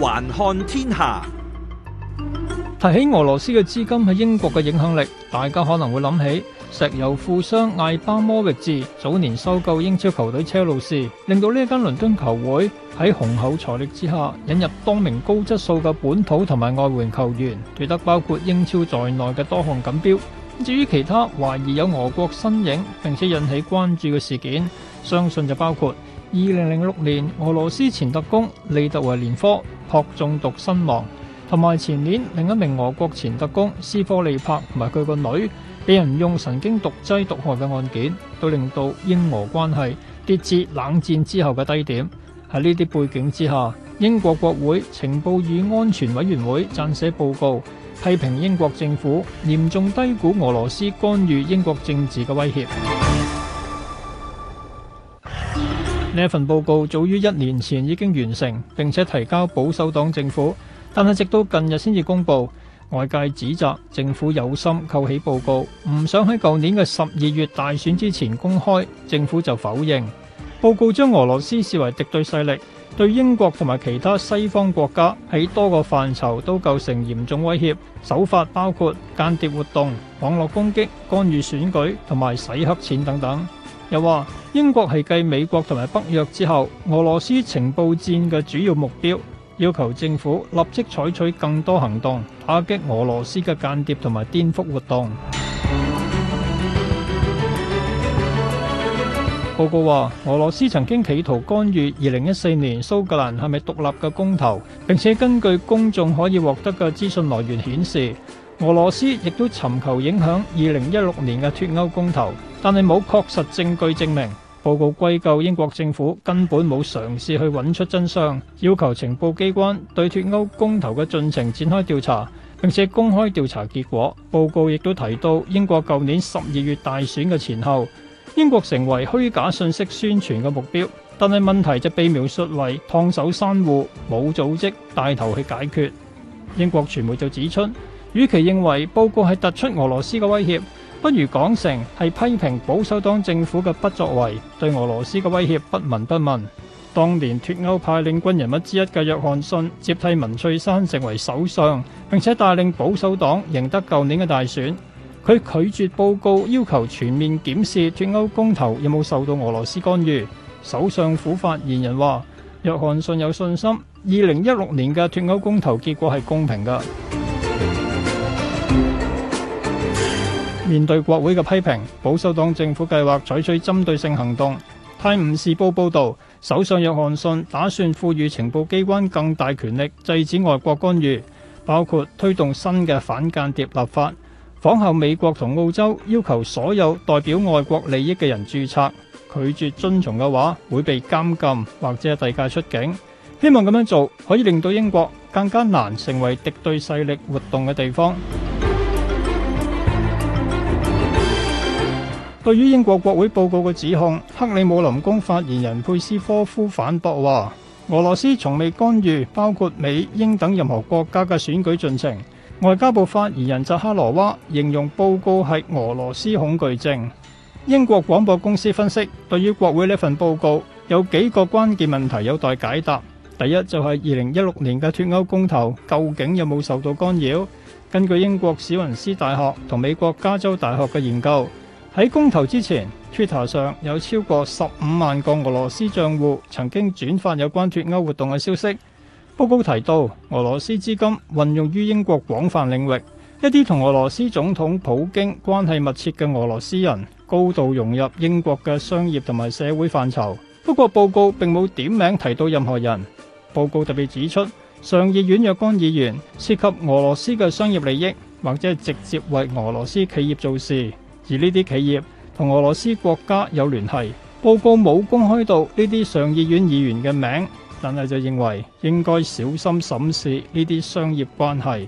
環看天下，提起俄羅斯嘅資金喺英國嘅影響力，大家可能會諗起石油富商艾巴摩域治早年收購英超球隊車路士，令到呢間倫敦球會喺雄厚財力之下引入多名高質素嘅本土同埋外援球員，奪得包括英超在內嘅多項錦標。至於其他懷疑有俄國身影并且引起關注嘅事件，相信就包括，二零零六年，俄羅斯前特工利特維連科撲中毒身亡，同埋前年另一名俄國前特工斯科利帕同埋佢個女被人用神經毒劑毒害嘅案件，都令到英俄關係跌至冷戰之後嘅低點。喺呢啲背景之下，英國國會情報與安全委員會撰寫報告，批評英國政府嚴重低估俄羅斯干預英國政治嘅威脅。呢份報告早於一年前已經完成並且提交保守黨政府，但係直到近日先至公布。外界指責政府有心扣起報告，唔想喺舊年嘅十二月大選之前公開。政府就否認。報告將俄羅斯視為敵對勢力，對英國同埋其他西方國家喺多個範疇都構成嚴重威脅。手法包括間諜活動、網絡攻擊、干預選舉同埋洗黑錢等等。又話英國係繼美國同埋北約之後，俄羅斯情報戰嘅主要目標，要求政府立即採取更多行動打擊俄羅斯嘅間諜同埋顛覆活動。報告話俄羅斯曾經企圖干預二零一四年蘇格蘭係咪獨立嘅公投，並且根據公眾可以獲得嘅資訊來源顯示，俄羅斯亦都尋求影響二零一六年嘅脫歐公投。但係冇確實證據證明，報告歸咎英國政府，根本冇嘗試去揾出真相，要求情報機關對脫歐公投嘅進程展開調查，並且公開調查結果。報告亦都提到，英國舊年十二月大選嘅前後，英國成為虛假信息宣傳嘅目標，但係問題就被描述為燙手山芋，冇組織帶頭去解決。英國傳媒就指出，與其認為報告係突出俄羅斯嘅威脅，不如講成係批評保守黨政府嘅不作為，對俄羅斯嘅威脅不聞不問。當年脱歐派領軍人物之一嘅約翰遜接替文翠珊成為首相，並且帶領保守黨贏得舊年嘅大選。佢拒絕報告要求全面檢視脱歐公投有冇受到俄羅斯干預。首相府發言人話：約翰遜有信心，二零一六年嘅脱歐公投結果係公平㗎。面對國會嘅批評，保守黨政府計劃採取針對性行動。泰晤士報報道，首相約翰遜打算賦予情報機關更大權力，制止外國干預，包括推動新嘅反間諜立法，仿效美國同澳洲，要求所有代表外國利益嘅人注冊，拒絕遵從嘅話會被監禁或者係遞解出境。希望咁樣做可以令到英國更加難成為敵對勢力活動嘅地方。對於英國國會報告嘅指控，克里姆林宮發言人佩斯科夫反駁話：俄羅斯從未干預包括美、英等任何國家嘅選舉進程。外交部發言人扎哈羅娃形容報告係俄羅斯恐懼症。英國廣播公司分析，對於國會呢一份報告，有幾個關鍵問題有待解答。第一就係二零一六年嘅脱歐公投究竟有冇受到干擾？根據英國史雲斯大學同美國加州大學嘅研究。喺公投之前，Twitter 上有超過十五萬個俄羅斯賬戶曾經轉發有關脫歐活動嘅消息。報告提到，俄羅斯資金運用於英國廣泛領域，一啲同俄羅斯總統普京關係密切嘅俄羅斯人高度融入英國嘅商業同埋社會範疇。不過，報告並冇點名提到任何人。報告特別指出，上議院若干議員涉及俄羅斯嘅商業利益，或者直接為俄羅斯企業做事。而呢啲企業同俄羅斯國家有聯繫，報告冇公開到呢啲上議院議員嘅名，但係就認為應該小心審視呢啲商業關係。